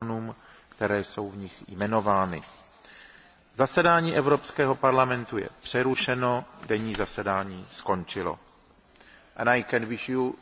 orgánům, které jsou v nich jmenovány. Zasedání Evropského parlamentu je přerušeno, denní zasedání skončilo. And I can wish you